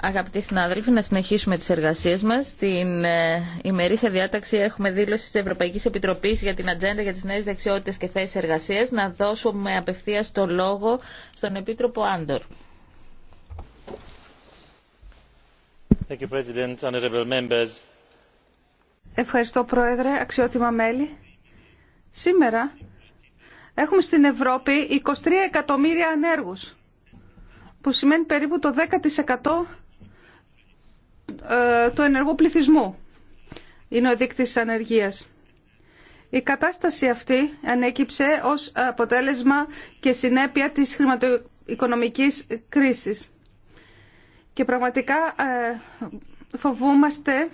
Αγαπητοί συνάδελφοι, να συνεχίσουμε τις εργασίες μας. Στην ε, ημερήσια διάταξη έχουμε δήλωση της Ευρωπαϊκής Επιτροπής για την ατζέντα για τις νέες δεξιότητες και θέσεις εργασίας. Να δώσουμε απευθείας το λόγο στον Επίτροπο Άντορ. Ευχαριστώ, Πρόεδρε, αξιότιμα μέλη. Σήμερα έχουμε στην Ευρώπη 23 εκατομμύρια ανέργους που σημαίνει περίπου το 10% ε, του ενεργού πληθυσμού είναι ο δείκτης της ανεργίας. Η κατάσταση αυτή ανέκυψε ως αποτέλεσμα και συνέπεια της χρηματοοικονομικής κρίσης. Και πραγματικά ε, φοβούμαστε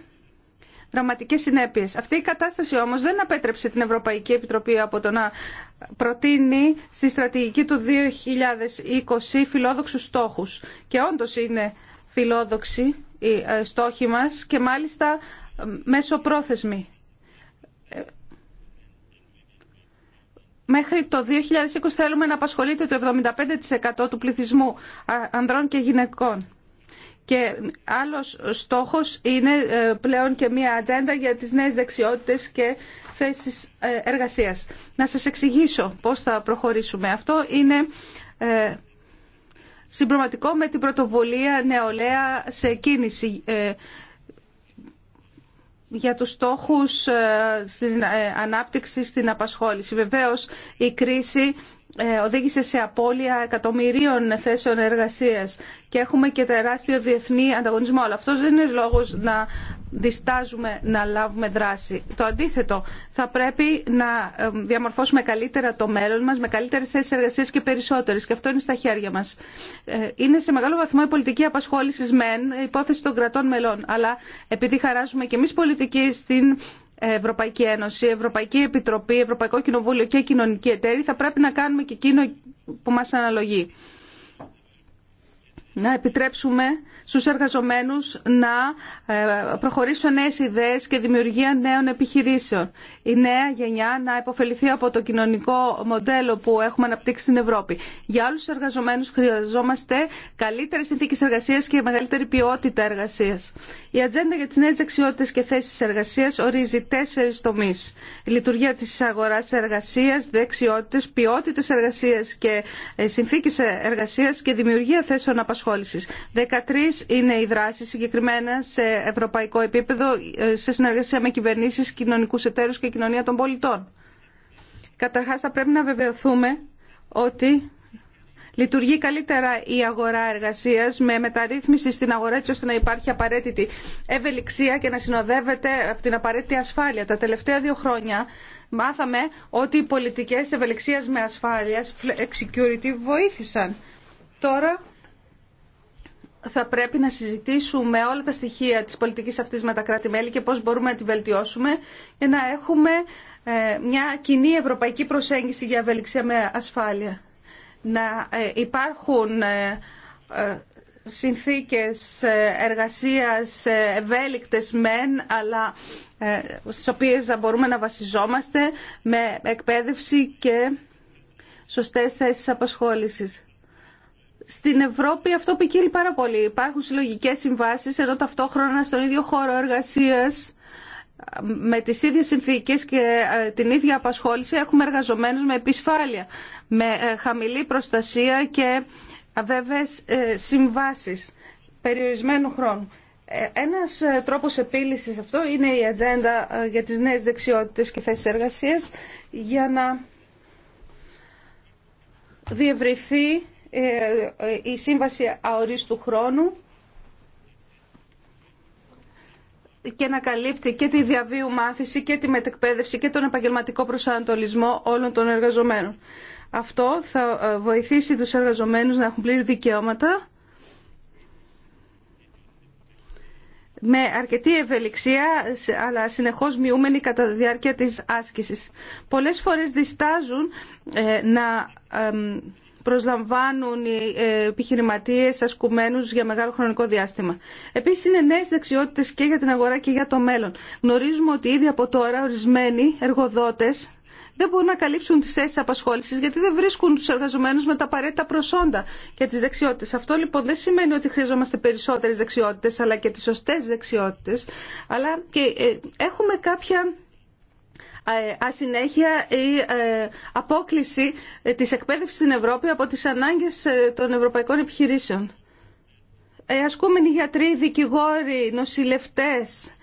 δραματικές συνέπειες. Αυτή η κατάσταση όμως δεν απέτρεψε την Ευρωπαϊκή Επιτροπή από το να προτείνει στη στρατηγική του 2020 φιλόδοξου στόχους. Και όντω είναι φιλόδοξοι οι ε, στόχοι μας και μάλιστα ε, μέσω πρόθεσμη. Μέχρι το 2020 θέλουμε να απασχολείται το 75% του πληθυσμού ανδρών και γυναικών. Και άλλος στόχος είναι ε, πλέον και μια ατζέντα για τις νέες δεξιότητες και θέσεις ε, εργασίας. Να σας εξηγήσω πώς θα προχωρήσουμε. Αυτό είναι ε, συμπροματικό με την πρωτοβουλία νεολαία σε κίνηση για τους στόχους στην ανάπτυξη, στην απασχόληση. Βεβαίως η κρίση ε, οδήγησε σε απώλεια εκατομμυρίων θέσεων εργασίας και έχουμε και τεράστιο διεθνή ανταγωνισμό. Αλλά αυτός δεν είναι λόγος να διστάζουμε να λάβουμε δράση. Το αντίθετο, θα πρέπει να ε, διαμορφώσουμε καλύτερα το μέλλον μας με καλύτερες θέσεις εργασίας και περισσότερες και αυτό είναι στα χέρια μας. Ε, είναι σε μεγάλο βαθμό η πολιτική απασχόληση μεν, υπόθεση των κρατών μελών, αλλά επειδή χαράζουμε και εμείς πολιτική στην Ευρωπαϊκή Ένωση, Ευρωπαϊκή Επιτροπή, Ευρωπαϊκό Κοινοβούλιο και κοινωνική Εταιρεία θα πρέπει να κάνουμε και εκείνο που μας αναλογεί να επιτρέψουμε στους εργαζομένους να ε, προχωρήσουν νέες ιδέες και δημιουργία νέων επιχειρήσεων. Η νέα γενιά να υποφεληθεί από το κοινωνικό μοντέλο που έχουμε αναπτύξει στην Ευρώπη. Για όλους τους εργαζομένους χρειαζόμαστε καλύτερες συνθήκες εργασίας και μεγαλύτερη ποιότητα εργασίας. Η ατζέντα για τις νέες δεξιότητες και θέσεις εργασίας ορίζει τέσσερις τομείς. λειτουργία της αγοράς εργασίας, δεξιότητες, ποιότητες εργασίας και ε, συνθήκες εργασίας και δημιουργία θέσεων απασχόληση. 13 είναι οι δράσει συγκεκριμένα σε ευρωπαϊκό επίπεδο ε, σε συνεργασία με κυβερνήσει, κοινωνικού εταίρους και κοινωνία των πολιτών. Καταρχάς θα πρέπει να βεβαιωθούμε ότι λειτουργεί καλύτερα η αγορά εργασία με μεταρρύθμιση στην αγορά έτσι ώστε να υπάρχει απαραίτητη ευελιξία και να συνοδεύεται από την απαραίτητη ασφάλεια. Τα τελευταία δύο χρόνια μάθαμε ότι οι πολιτικές ευελιξίας με ασφάλεια ε, security, βοήθησαν. Τώρα θα πρέπει να συζητήσουμε όλα τα στοιχεία της πολιτικής αυτής με τα κράτη-μέλη και πώς μπορούμε να τη βελτιώσουμε για να έχουμε ε, μια κοινή ευρωπαϊκή προσέγγιση για ευελιξία με ασφάλεια. Να ε, υπάρχουν ε, συνθήκες εργασίας ευέλικτες μεν, αλλά στις οποίες θα μπορούμε να βασιζόμαστε με εκπαίδευση και σωστές θέσεις απασχόλησης. Στην Ευρώπη αυτό ποικίλει πάρα πολύ. Υπάρχουν συλλογικέ συμβάσει ενώ ταυτόχρονα στον ίδιο χώρο εργασία με τις ίδιες συνθήκε και ε, την ίδια απασχόληση έχουμε εργαζομένους με επισφάλεια, με ε, χαμηλή προστασία και αβέβαιες ε, συμβάσει περιορισμένου χρόνου. Ένας τρόπος επίλυσης αυτό είναι η ατζέντα για τις νέες δεξιότητες και θέσεις εργασίας για να διευρυθεί ε, η σύμβαση αορίστου χρόνου και να καλύπτει και τη διαβίου μάθηση και τη μετεκπαίδευση και τον επαγγελματικό προσανατολισμό όλων των εργαζομένων. Αυτό θα ε, βοηθήσει τους εργαζομένους να έχουν πλήρη δικαιώματα με αρκετή ευελιξία αλλά συνεχώς μειούμενη κατά τη διάρκεια της άσκησης. Πολλές φορές διστάζουν ε, να προσλαμβάνουν οι ε, επιχειρηματίε ασκουμένου για μεγάλο χρονικό διάστημα. Επίση είναι νέε δεξιότητε και για την αγορά και για το μέλλον. Γνωρίζουμε ότι ήδη από τώρα ορισμένοι εργοδότε, δεν μπορούν να καλύψουν τι θέσει απασχόληση γιατί δεν βρίσκουν του εργαζόμενου με τα απαραίτητα προσόντα και τι δεξιότητε. Αυτό λοιπόν δεν σημαίνει ότι χρειαζόμαστε περισσότερε δεξιότητε, αλλά και τι σωστέ δεξιότητε, αλλά και ε, έχουμε κάποια ε, ασυνέχεια η ε, απόκληση της εκπαίδευσης στην Ευρώπη από τις ανάγκες ε, των ευρωπαϊκών επιχειρήσεων. Ασκούμενοι γιατροί, δικηγόροι, νοσηλευτές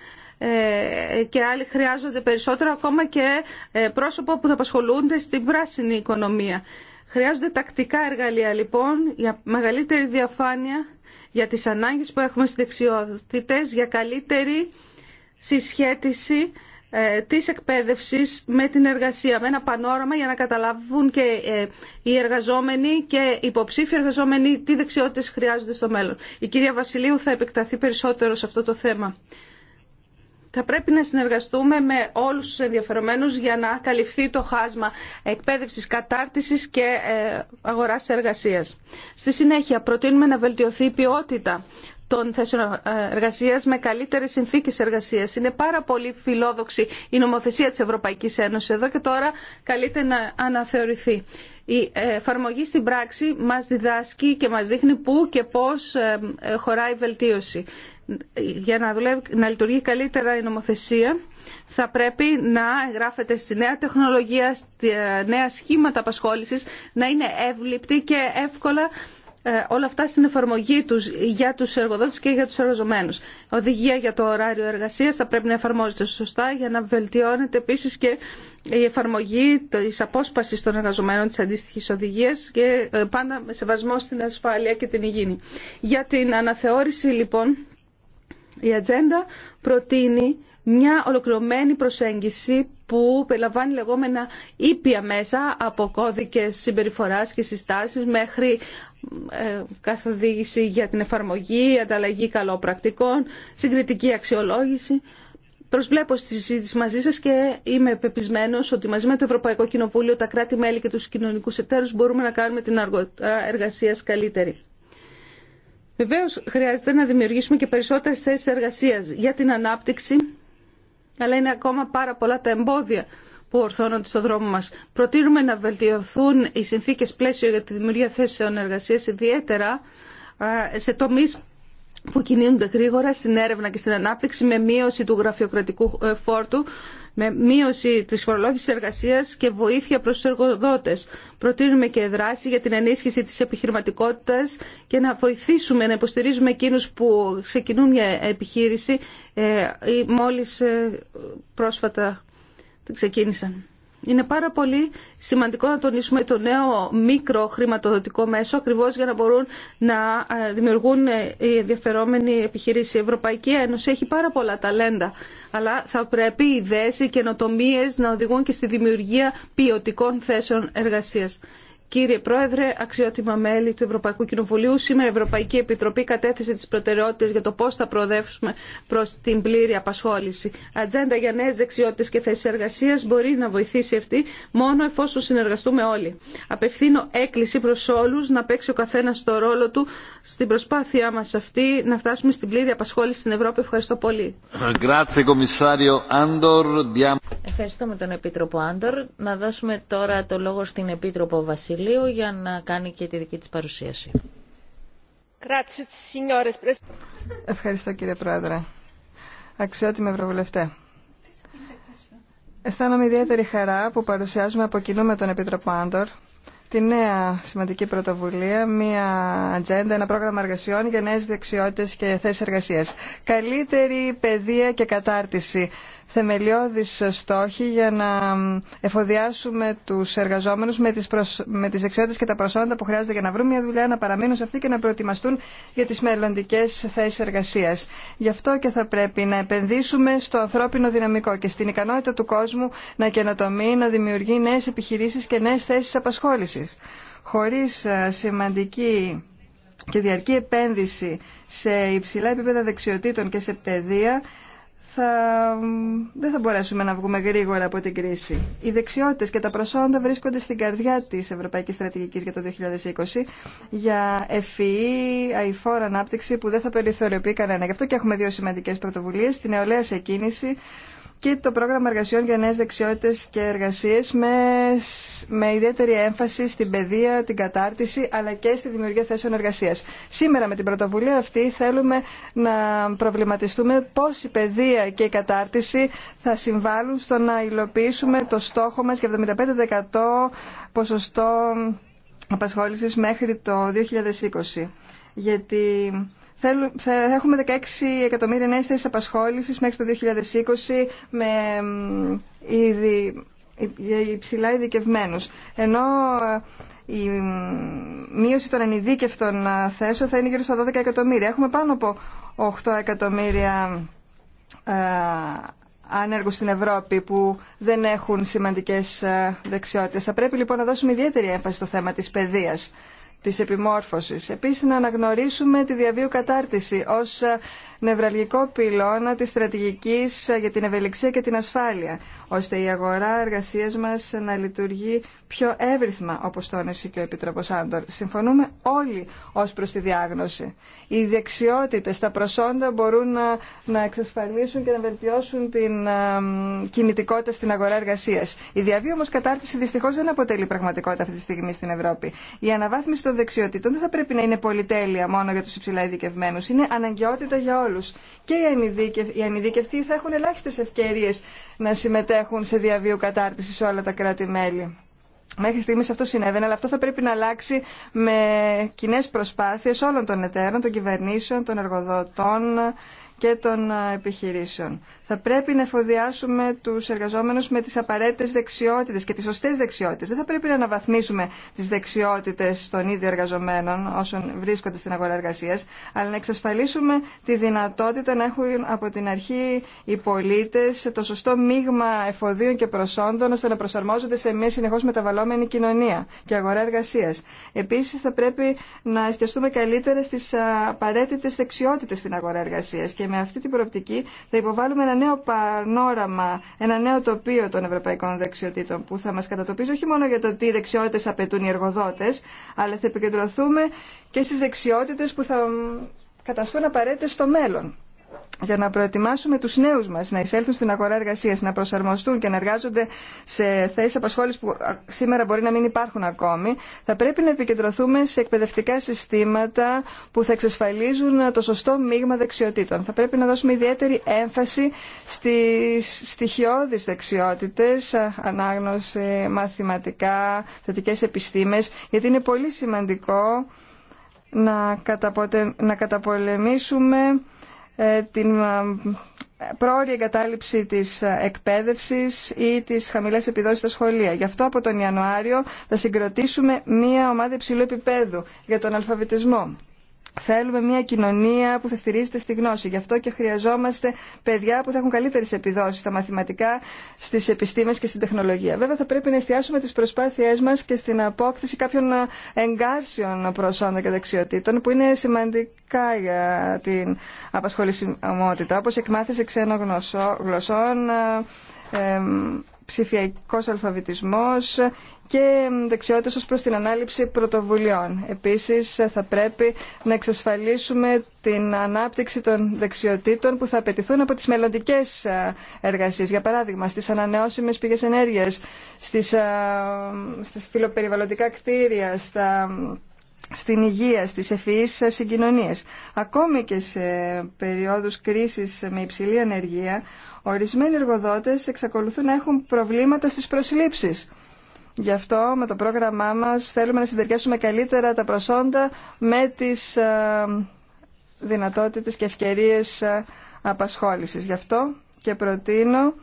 και άλλοι χρειάζονται περισσότερο, ακόμα και πρόσωπα που θα απασχολούνται στην πράσινη οικονομία. Χρειάζονται τακτικά εργαλεία, λοιπόν, για μεγαλύτερη διαφάνεια για τις ανάγκες που έχουμε στις δεξιότητες, για καλύτερη συσχέτιση ε, της εκπαίδευσης με την εργασία, με ένα πανόραμα για να καταλάβουν και ε, οι εργαζόμενοι και οι υποψήφοι εργαζόμενοι τι δεξιότητες χρειάζονται στο μέλλον. Η κυρία Βασιλείου θα επεκταθεί περισσότερο σε αυτό το θέμα. Θα πρέπει να συνεργαστούμε με όλους τους ενδιαφερομένους για να καλυφθεί το χάσμα εκπαίδευσης, κατάρτισης και ε, αγοράς εργασίας. Στη συνέχεια, προτείνουμε να βελτιωθεί η ποιότητα των θέσεων ε, εργασία με καλύτερε συνθήκες εργασία. Είναι πάρα πολύ φιλόδοξη η νομοθεσία της Ευρωπαϊκής Ένωσης εδώ και τώρα καλείται να αναθεωρηθεί. Η ε, εφαρμογή στην πράξη μας διδάσκει και μας δείχνει πού και πώς ε, χωράει η βελτίωση. Για να, λειτουργεί καλύτερα η νομοθεσία θα πρέπει να εγγράφεται στη νέα τεχνολογία, στη νέα σχήματα απασχόλησης, να είναι εύληπτη και εύκολα ε, όλα αυτά στην εφαρμογή τους για τους εργοδότες και για τους εργαζομένους. Οδηγία για το ωράριο εργασίας θα πρέπει να εφαρμόζεται σωστά για να βελτιώνεται επίσης και η εφαρμογή τη απόσπαση των εργαζομένων τη αντίστοιχη οδηγία και ε, πάντα με σεβασμό στην ασφάλεια και την υγιεινή. Για την αναθεώρηση λοιπόν η ατζέντα προτείνει μια ολοκληρωμένη προσέγγιση που περιλαμβάνει λεγόμενα ήπια μέσα από κώδικες συμπεριφοράς και συστάσεις μέχρι ε, καθοδήγηση για την εφαρμογή, ανταλλαγή καλόπρακτικών, συγκριτική αξιολόγηση. Προσβλέπω στη συζήτηση μαζί σα και είμαι πεπισμένο ότι μαζί με το Ευρωπαϊκό Κοινοβούλιο, τα κράτη-μέλη και τους κοινωνικού εταίρους μπορούμε να κάνουμε την εργασία καλύτερη. Βεβαίω χρειάζεται να δημιουργήσουμε και περισσότερε θέσει εργασία, για την ανάπτυξη, αλλά είναι ακόμα πάρα πολλά τα εμπόδια που ορθώνονται στο δρόμο μας. Προτείνουμε να βελτιωθούν οι συνθήκες πλαίσιο για τη δημιουργία θέσεων εργασίας, ιδιαίτερα σε τομείς που κινούνται γρήγορα στην έρευνα και στην ανάπτυξη με μείωση του γραφειοκρατικού ε, φόρτου, με μείωση της φορολόγηση εργασίας και βοήθεια προς τους εργοδότες. Προτείνουμε και δράση για την ενίσχυση της επιχειρηματικότητας και να βοηθήσουμε, να υποστηρίζουμε εκείνους που ξεκινούν μια επιχείρηση ε, ή μόλις ε, πρόσφατα ξεκίνησαν. Είναι πάρα πολύ σημαντικό να τονίσουμε το νέο μικρό χρηματοδοτικό μέσο ακριβώς για να μπορούν να ε, δημιουργούν ε, οι ενδιαφερόμενοι επιχειρήσει. Η Ευρωπαϊκή Ένωση έχει πάρα πολλά ταλέντα, αλλά θα πρέπει οι ιδέες, οι καινοτομίες να οδηγούν και στη δημιουργία ποιοτικών θέσεων εργασίας. Κύριε Πρόεδρε, αξιότιμα μέλη του Ευρωπαϊκού Κοινοβουλίου, σήμερα η Ευρωπαϊκή Επιτροπή κατέθεσε τι προτεραιότητε για το πώ θα προοδεύσουμε προ την πλήρη απασχόληση. Ατζέντα για νέε δεξιότητε και θέσει εργασία μπορεί να βοηθήσει αυτή μόνο εφόσον συνεργαστούμε όλοι. Απευθύνω έκκληση προ όλου να παίξει ο καθένα το ρόλο του στην προσπάθειά μα αυτή να φτάσουμε στην πλήρη απασχόληση στην Ευρώπη. Ευχαριστώ πολύ. Ευχαριστούμε τον Επίτροπο Άντορ. Να δώσουμε τώρα το λόγο στην Επίτροπο Βασίλη. Βασιλείου για να κάνει και τη δική της παρουσίαση. Ευχαριστώ κύριε Πρόεδρε. Αξιότιμη Ευρωβουλευτέ. Αισθάνομαι ιδιαίτερη χαρά που παρουσιάζουμε από κοινού με τον Επίτροπο Άντορ τη νέα σημαντική πρωτοβουλία, μια ατζέντα, ένα πρόγραμμα εργασιών για νέε δεξιότητε και θέσει εργασία. Καλύτερη παιδεία και κατάρτιση θεμελιώδεις στόχοι για να εφοδιάσουμε τους εργαζόμενους με τις, προσ... με τις δεξιότητες και τα προσόντα που χρειάζονται για να βρουν μια δουλειά, να παραμείνουν σε αυτή και να προετοιμαστούν για τις μελλοντικές θέσεις εργασίας. Γι' αυτό και θα πρέπει να επενδύσουμε στο ανθρώπινο δυναμικό και στην ικανότητα του κόσμου να καινοτομεί, να δημιουργεί νέες επιχειρήσεις και νέες θέσεις απασχόλησης. Χωρίς ε, σημαντική και διαρκή επένδυση σε υψηλά επίπεδα δεξιοτήτων και σε παιδεία θα, δεν θα μπορέσουμε να βγούμε γρήγορα από την κρίση. Οι δεξιότητε και τα προσόντα βρίσκονται στην καρδιά τη Ευρωπαϊκή Στρατηγική για το 2020 για ευφυή e e, αηφόρα ανάπτυξη που δεν θα περιθωριοποιεί κανένα. Γι' αυτό και έχουμε δύο σημαντικέ πρωτοβουλίε, την νεολαία σε κίνηση και το πρόγραμμα εργασιών για νέες δεξιότητες και εργασίες με, με ιδιαίτερη έμφαση στην παιδεία, την κατάρτιση αλλά και στη δημιουργία θέσεων εργασίας. Σήμερα με την πρωτοβουλία αυτή θέλουμε να προβληματιστούμε πώς η παιδεία και η κατάρτιση θα συμβάλλουν στο να υλοποιήσουμε το στόχο μας για 75% ποσοστό απασχόλησης μέχρι το 2020. Γιατί θα έχουμε 16 εκατομμύρια νέες θέσεις απασχόλησης μέχρι το 2020 με ήδη υψηλά ειδικευμένους. Ενώ η μείωση των ανειδίκευτων θέσεων θα είναι γύρω στα 12 εκατομμύρια. Έχουμε πάνω από 8 εκατομμύρια ε, άνεργους στην Ευρώπη που δεν έχουν σημαντικές ε, δεξιότητες. Θα πρέπει λοιπόν να δώσουμε ιδιαίτερη έμφαση στο θέμα της παιδείας της επιμόρφωσης. Επίσης να αναγνωρίσουμε τη διαβίου κατάρτιση ως νευραλγικό πυλώνα της στρατηγικής για την ευελιξία και την ασφάλεια, ώστε η αγορά εργασίας μας να λειτουργεί πιο εύρυθμα, όπως τόνισε και ο Επιτροπός Άντορ. Συμφωνούμε όλοι ως προς τη διάγνωση. Οι δεξιότητες, τα προσόντα μπορούν να, να εξασφαλίσουν και να βελτιώσουν την α, κινητικότητα στην αγορά εργασίας. Η διαβίωση όμως κατάρτιση δυστυχώς δεν αποτελεί πραγματικότητα αυτή τη στιγμή στην Ευρώπη. Η αναβάθμιση των δεξιοτήτων δεν θα πρέπει να είναι πολυτέλεια μόνο για του υψηλά ειδικευμένους. Είναι αναγκαιότητα για όλους. Και οι ανειδίκευτοι θα έχουν ελάχιστες ευκαιρίες να συμμετέχουν σε διαβίου κατάρτιση σε όλα τα κράτη-μέλη. Μέχρι στιγμή αυτό συνέβαινε, αλλά αυτό θα πρέπει να αλλάξει με κοινέ προσπάθειε όλων των εταίρων, των κυβερνήσεων, των εργοδοτών και των ε, επιχειρήσεων. Θα πρέπει να εφοδιάσουμε του εργαζόμενου με τι απαραίτητε δεξιότητε και τι σωστέ δεξιότητε. Δεν θα πρέπει να αναβαθμίσουμε τι δεξιότητε των ίδιων εργαζομένων όσων βρίσκονται στην αγορά εργασία, αλλά να εξασφαλίσουμε τη δυνατότητα να έχουν από την αρχή οι πολίτε το σωστό μείγμα εφοδίων και προσόντων ώστε να προσαρμόζονται σε μια συνεχώ μεταβαλλόμενη κοινωνία και αγορά εργασία. Επίση, θα πρέπει να εστιαστούμε καλύτερα στι απαραίτητε δεξιότητε στην αγορά εργασία και με αυτή την προοπτική θα υποβάλουμε νέο πανόραμα, ένα νέο τοπίο των ευρωπαϊκών δεξιοτήτων που θα μας κατατοπίζει όχι μόνο για το τι δεξιότητες απαιτούν οι εργοδότες, αλλά θα επικεντρωθούμε και στις δεξιότητες που θα καταστούν απαραίτητες στο μέλλον για να προετοιμάσουμε τους νέους μας να εισέλθουν στην αγορά εργασίας, να προσαρμοστούν και να εργάζονται σε θέσεις απασχόλησης που σήμερα μπορεί να μην υπάρχουν ακόμη, θα πρέπει να επικεντρωθούμε σε εκπαιδευτικά συστήματα που θα εξασφαλίζουν το σωστό μείγμα δεξιοτήτων. Θα πρέπει να δώσουμε ιδιαίτερη έμφαση στις στοιχειώδεις δεξιότητες, ανάγνωση, μαθηματικά, θετικές επιστήμες, γιατί είναι πολύ σημαντικό να, καταποτε... να καταπολεμήσουμε ε, την ε, πρόορια εγκατάλειψη της εκπαίδευσης ή τις χαμηλές επιδόσεις στα σχολεία. Γι' αυτό από τον Ιανουάριο θα συγκροτήσουμε μία ομάδα υψηλού επίπεδου για τον αλφαβητισμό. Θέλουμε μια κοινωνία που θα στηρίζεται στη γνώση. Γι' αυτό και χρειαζόμαστε παιδιά που θα έχουν καλύτερε επιδόσει στα μαθηματικά, στι επιστήμες και στην τεχνολογία. Βέβαια, θα πρέπει να εστιάσουμε τι προσπάθειέ μα και στην απόκτηση κάποιων εγκάρσιων προσόντων και δεξιοτήτων, που είναι σημαντικά για την απασχολησιμότητα, όπω εκμάθηση ξένων γλωσσών, ε, ψηφιακός αλφαβητισμός και δεξιότητες ως προς την ανάληψη πρωτοβουλειών. Επίσης ε, θα πρέπει να εξασφαλίσουμε την ανάπτυξη των δεξιοτήτων που θα απαιτηθούν από τις μελλοντικέ ε, εργασίες. Για παράδειγμα, στις ανανεώσιμες πηγές ενέργειας, στις, ε, στις φιλοπεριβαλλοντικά κτίρια, στα στην υγεία, στις ευφυείς συγκοινωνίες. Ακόμη και σε περιόδους κρίσης με υψηλή ανεργία, ορισμένοι εργοδότες εξακολουθούν να έχουν προβλήματα στις προσλήψεις. Γι' αυτό με το πρόγραμμά μας θέλουμε να συνδεριάσουμε καλύτερα τα προσόντα με τις ε, δυνατότητες και ευκαιρίες ε, απασχόλησης. Γι' αυτό και προτείνω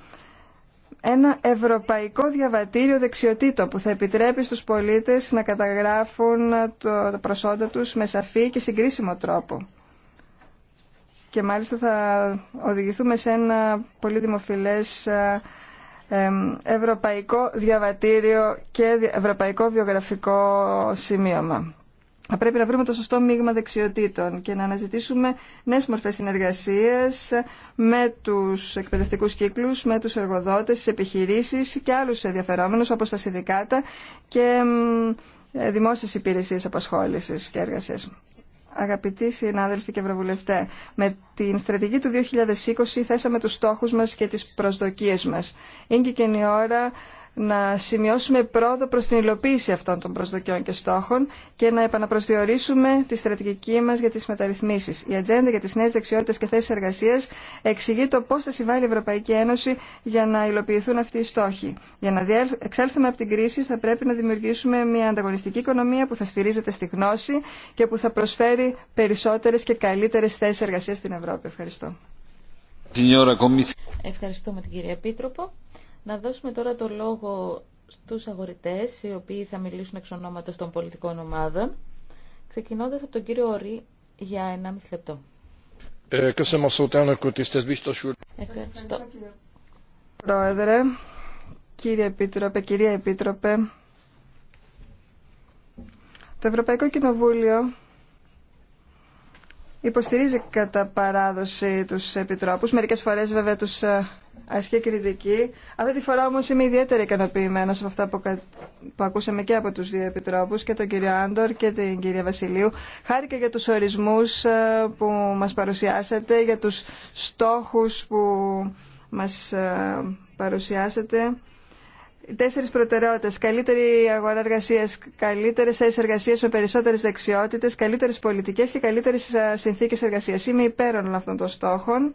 ένα ευρωπαϊκό διαβατήριο δεξιοτήτων που θα επιτρέπει στους πολίτες να καταγράφουν το προσόντα τους με σαφή και συγκρίσιμο τρόπο. Και μάλιστα θα οδηγηθούμε σε ένα πολύ δημοφιλές ε, ε, ευρωπαϊκό διαβατήριο και ευρωπαϊκό βιογραφικό σημείωμα θα πρέπει να βρούμε το σωστό μείγμα δεξιοτήτων και να αναζητήσουμε νέες μορφές συνεργασίας με τους εκπαιδευτικούς κύκλους, με τους εργοδότες, τι επιχειρήσεις και άλλους ενδιαφερόμενους όπω τα συνδικάτα και ε, δημόσιες υπηρεσίες απασχόληση και εργασία. Αγαπητοί συνάδελφοι και ευρωβουλευτέ, με την στρατηγική του 2020 θέσαμε του στόχου μα και τι προσδοκίε μα, Είναι η ώρα να σημειώσουμε πρόοδο προς την υλοποίηση αυτών των προσδοκιών και στόχων και να επαναπροσδιορίσουμε τη στρατηγική μας για τις μεταρρυθμίσεις. Η ατζέντα για τις νέες δεξιότητες και θέσεις εργασίας εξηγεί το πώς θα συμβάλλει η Ευρωπαϊκή Ένωση για να υλοποιηθούν αυτοί οι στόχοι. Για να εξέλθουμε από την κρίση θα πρέπει να δημιουργήσουμε μια ανταγωνιστική οικονομία που θα στηρίζεται στη γνώση και που θα προσφέρει περισσότερες και καλύτερες θέσεις εργασίας στην Ευρώπη. Ευχαριστώ. Ευχαριστούμε την κυρία Επίτροπο. Να δώσουμε τώρα το λόγο στους αγορητές, οι οποίοι θα μιλήσουν εξ ονόματος των πολιτικών ομάδων, ξεκινώντας από τον κύριο Ορή για 1,5 λεπτό. Ε, ευχαριστώ. Πρόεδρε, κύριε Επίτροπε, κυρία Επίτροπε, το Ευρωπαϊκό Κοινοβούλιο υποστηρίζει κατά παράδοση τους επιτρόπους, μερικές φορές βέβαια τους ε, ασκεί κριτική. Αυτή τη φορά όμως είμαι ιδιαίτερα ικανοποιημένο από αυτά που, ακούσαμε και από τους δύο επιτρόπους και τον κύριο Άντορ και την κυρία Βασιλείου. Χάρη και για τους ορισμούς ε, που μας παρουσιάσατε, για τους στόχους που μας ε, παρουσιάσατε. Τέσσερι προτεραιότητε. Καλύτερη αγορά εργασία, καλύτερε θέσει εργασία με περισσότερε δεξιότητε, καλύτερε πολιτικέ και καλύτερε συνθήκε εργασία. Είμαι υπέρ όλων αυτών των στόχων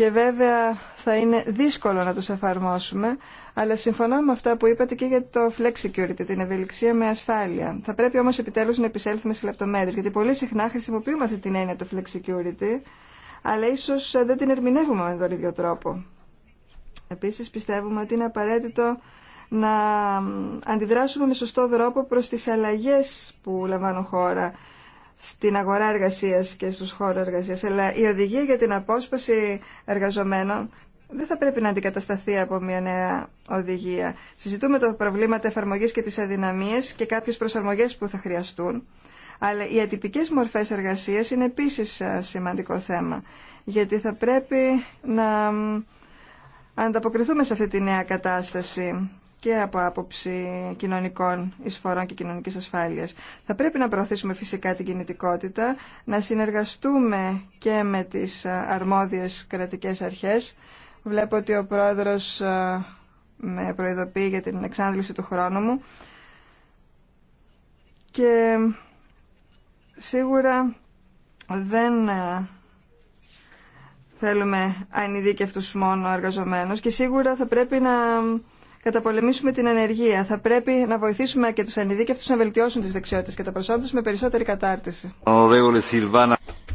και βέβαια θα είναι δύσκολο να τους εφαρμόσουμε, αλλά συμφωνώ με αυτά που είπατε και για το flex security, την ευελιξία με ασφάλεια. Θα πρέπει όμως επιτέλους να επισέλθουμε σε λεπτομέρειες, γιατί πολύ συχνά χρησιμοποιούμε αυτή την έννοια του flex security, αλλά ίσως δεν την ερμηνεύουμε με τον ίδιο τρόπο. Επίσης πιστεύουμε ότι είναι απαραίτητο να αντιδράσουμε με σωστό τρόπο προς τις αλλαγές που λαμβάνουν χώρα στην αγορά εργασίας και στους χώρους εργασίας, αλλά η οδηγία για την απόσπαση εργαζομένων δεν θα πρέπει να αντικατασταθεί από μια νέα οδηγία. Συζητούμε προβλήμα προβλήματα εφαρμογής και τις αδυναμίες και κάποιες προσαρμογές που θα χρειαστούν. Αλλά οι ατυπικές μορφές εργασίας είναι επίσης σημαντικό θέμα, γιατί θα πρέπει να ανταποκριθούμε σε αυτή τη νέα κατάσταση και από άποψη κοινωνικών εισφορών και κοινωνικής ασφάλειας. Θα πρέπει να προωθήσουμε φυσικά την κινητικότητα, να συνεργαστούμε και με τις αρμόδιες κρατικές αρχές. Βλέπω ότι ο πρόεδρος ε, με προειδοποιεί για την εξάντληση του χρόνου μου και σίγουρα δεν ε, θέλουμε ανειδίκευτους μόνο εργαζομένους και σίγουρα θα πρέπει να καταπολεμήσουμε την ανεργία. Θα πρέπει να βοηθήσουμε και του ανειδίκευτου να βελτιώσουν τι δεξιότητε και τα προσόντα με περισσότερη κατάρτιση.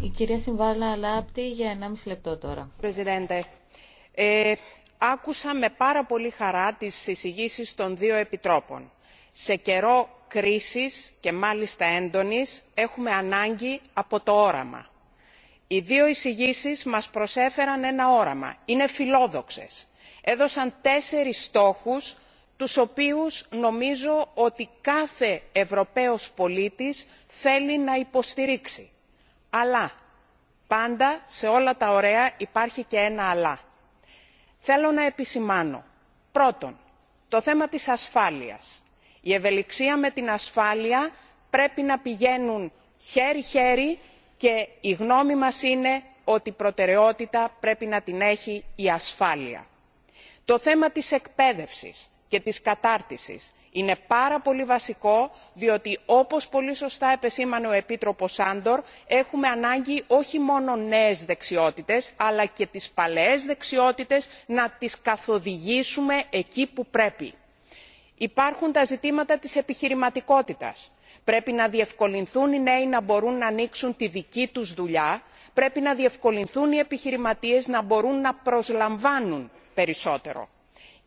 Η κυρία Συμβάλα Λάπτη για 1,5 λεπτό τώρα. Ε, άκουσα με πάρα πολύ χαρά τις εισηγήσεις των δύο επιτρόπων. Σε καιρό κρίσης και μάλιστα έντονης έχουμε ανάγκη από το όραμα. Οι δύο εισηγήσεις μας προσέφεραν ένα όραμα. Είναι φιλόδοξες έδωσαν τέσσερις στόχους τους οποίους νομίζω ότι κάθε ευρωπαίος πολίτης θέλει να υποστηρίξει αλλά πάντα σε όλα τα ωραία υπάρχει και ένα αλλά. θέλω να επισημάνω πρώτον το θέμα της ασφάλειας. η ευελιξία με την ασφάλεια πρέπει να πηγαίνουν χέρι χέρι και η γνώμη μας είναι ότι προτεραιότητα πρέπει να την έχει η ασφάλεια το θέμα της εκπαίδευσης και της κατάρτισης είναι πάρα πολύ βασικό διότι όπως πολύ σωστά επεσήμανε ο επίτροπος andor έχουμε ανάγκη όχι μόνο νέες δεξιότητες αλλά και τις παλαιές δεξιότητες να τις καθοδηγήσουμε εκεί που πρέπει. υπάρχουν τα ζητήματα της επιχειρηματικότητας πρέπει να διευκολυνθούν οι νέοι να μπορούν να ανοίξουν τη δική τους δουλειά πρέπει να διευκολυνθούν οι επιχειρηματίες να μπορούν να προσλαμβάνουν περισσότερο.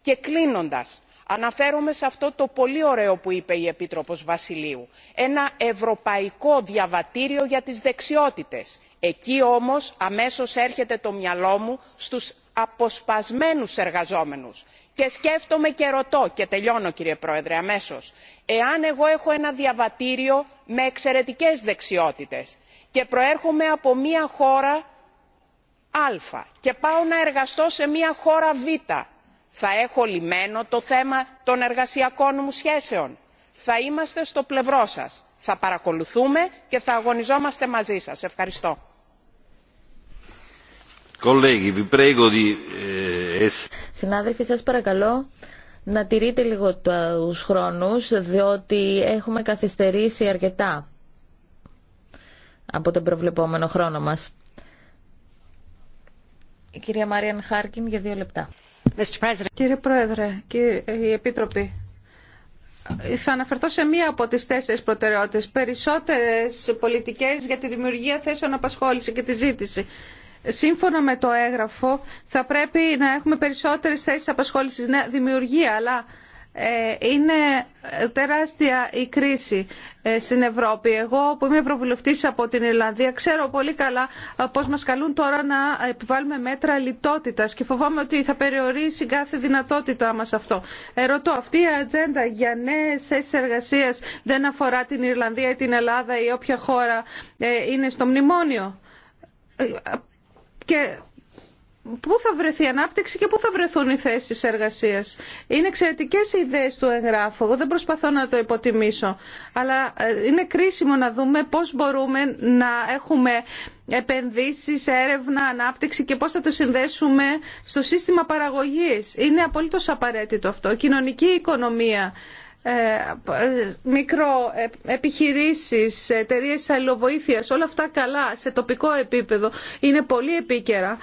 και κλείνοντας αναφέρομαι σε αυτό το πολύ ωραίο που είπε η επίτροπος βασιλείου ένα ευρωπαϊκό διαβατήριο για τις δεξιότητες. εκεί όμως αμέσως έρχεται το μυαλό μου στους αποσπασμένους εργαζόμενους και σκέφτομαι και ρωτώ και τελειώνω κύριε πρόεδρε αμέσως εάν εγώ έχω ένα διαβατήριο με εξαιρετικές δεξιότητες και προέρχομαι από μια χώρα α και πάω να εργαστώ σε μια χώρα β θα έχω λυμένο το θέμα των εργασιακών μου σχέσεων θα είμαστε στο πλευρό σας θα παρακολουθούμε και θα αγωνιζόμαστε μαζί σας. ευχαριστώ. Ε, Συνάδελφοι, σας παρακαλώ να τηρείτε λίγο τους χρόνους, διότι έχουμε καθυστερήσει αρκετά από τον προβλεπόμενο χρόνο μας. Η κυρία Μαρία Χάρκιν για δύο λεπτά. Κύριε Πρόεδρε, κύριε ε, Επίτροπη, ε, θα αναφερθώ σε μία από τις τέσσερις προτεραιότητες. Περισσότερες πολιτικές για τη δημιουργία θέσεων απασχόληση και τη ζήτηση. Σύμφωνα με το έγγραφο θα πρέπει να έχουμε περισσότερες θέσεις απασχόλησης, ναι, δημιουργία, αλλά ε, είναι τεράστια η κρίση ε, στην Ευρώπη. Εγώ που είμαι προβουλευτής από την Ιρλανδία ξέρω πολύ καλά ε, πώς μας καλούν τώρα να επιβάλλουμε μέτρα λιτότητας και φοβάμαι ότι θα περιορίσει κάθε δυνατότητά μας αυτό. Ερωτώ, αυτή η ατζέντα για νέες θέσεις εργασίας δεν αφορά την Ιρλανδία ή την Ελλάδα ή όποια χώρα είναι στο μνημόνιο. Και πού θα βρεθεί η ανάπτυξη και πού θα βρεθούν οι θέσεις εργασίας. Είναι εξαιρετικέ οι ιδέες του εγγράφου, εγώ δεν προσπαθώ να το υποτιμήσω, αλλά ε, είναι κρίσιμο να δούμε πώς μπορούμε να έχουμε επενδύσεις, έρευνα, ανάπτυξη και πώς θα το συνδέσουμε στο σύστημα παραγωγής. Είναι απολύτω απαραίτητο αυτό. Κοινωνική οικονομία, ε, ε, μικρό επιχειρήσεις, εταιρείε αλληλοβοήθειας, όλα αυτά καλά σε τοπικό επίπεδο είναι πολύ επίκαιρα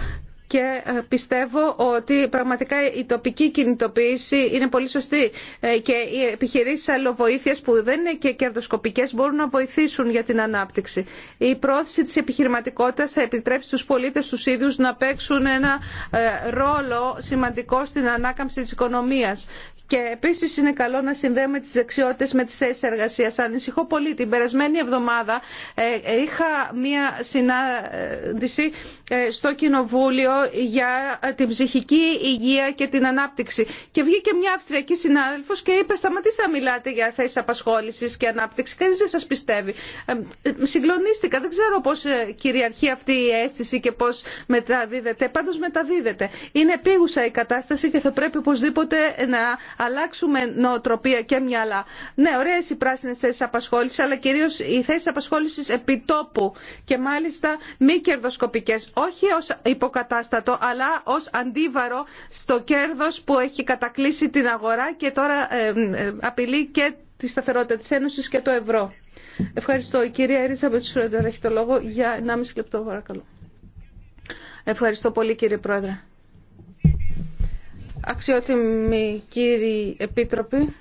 και ε, πιστεύω ότι πραγματικά η τοπική κινητοποίηση είναι πολύ σωστή ε, και οι επιχειρήσεις αλλοβοήθειας που δεν είναι και κερδοσκοπικές μπορούν να βοηθήσουν για την ανάπτυξη. Η πρόθεση της επιχειρηματικότητας θα επιτρέψει στους πολίτες τους ίδιους να παίξουν ένα ε, ρόλο σημαντικό στην ανάκαμψη της οικονομίας και επίση είναι καλό να συνδέουμε τι δεξιότητε με τι θέσει εργασία. Ανησυχώ πολύ. Την περασμένη εβδομάδα ε, ε, είχα μία συνάντηση ε, στο Κοινοβούλιο για την ψυχική υγεία και την ανάπτυξη. Και βγήκε μια Αυστριακή συνάδελφο και είπε σταματήστε να μιλάτε για θέσει απασχόληση και ανάπτυξη. Κανεί δεν σα πιστεύει. Συγκλονίστηκα. Δεν ξέρω πώ κυριαρχεί αυτή η αίσθηση και πώ μεταδίδεται. Πάντω μεταδίδεται. Είναι επίγουσα η κατάσταση και θα πρέπει οπωσδήποτε να αλλάξουμε νοοτροπία και μυαλά. Ναι, ωραίε οι πράσινε θέσει απασχόληση, αλλά κυρίω οι θέσει απασχόληση επιτόπου και μάλιστα μη κερδοσκοπικέ. Όχι ω υποκατάστατο, αλλά ω αντίβαρο στο κέρδο που έχει κατακλείσει την αγορά και τώρα ε, ε, απειλεί και τη σταθερότητα τη Ένωση και το ευρώ. Ευχαριστώ. Η κυρία Ερίζα Μπετσουρέντερ έχει το λόγο για 1,5 λεπτό, παρακαλώ. Ευχαριστώ πολύ κύριε Πρόεδρε αξιότιμοι κύριοι επίτροποι.